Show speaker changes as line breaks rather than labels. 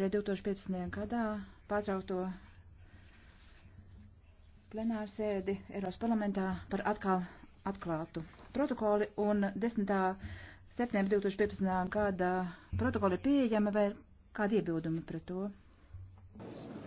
Arī 2015. gadā pārtraukto plenārsēdi Eiropas parlamentā par atkal atklātu protokoli un 10. septembra 2015. gada protokoli ir pieejama vai kādi iebildumi
pret to?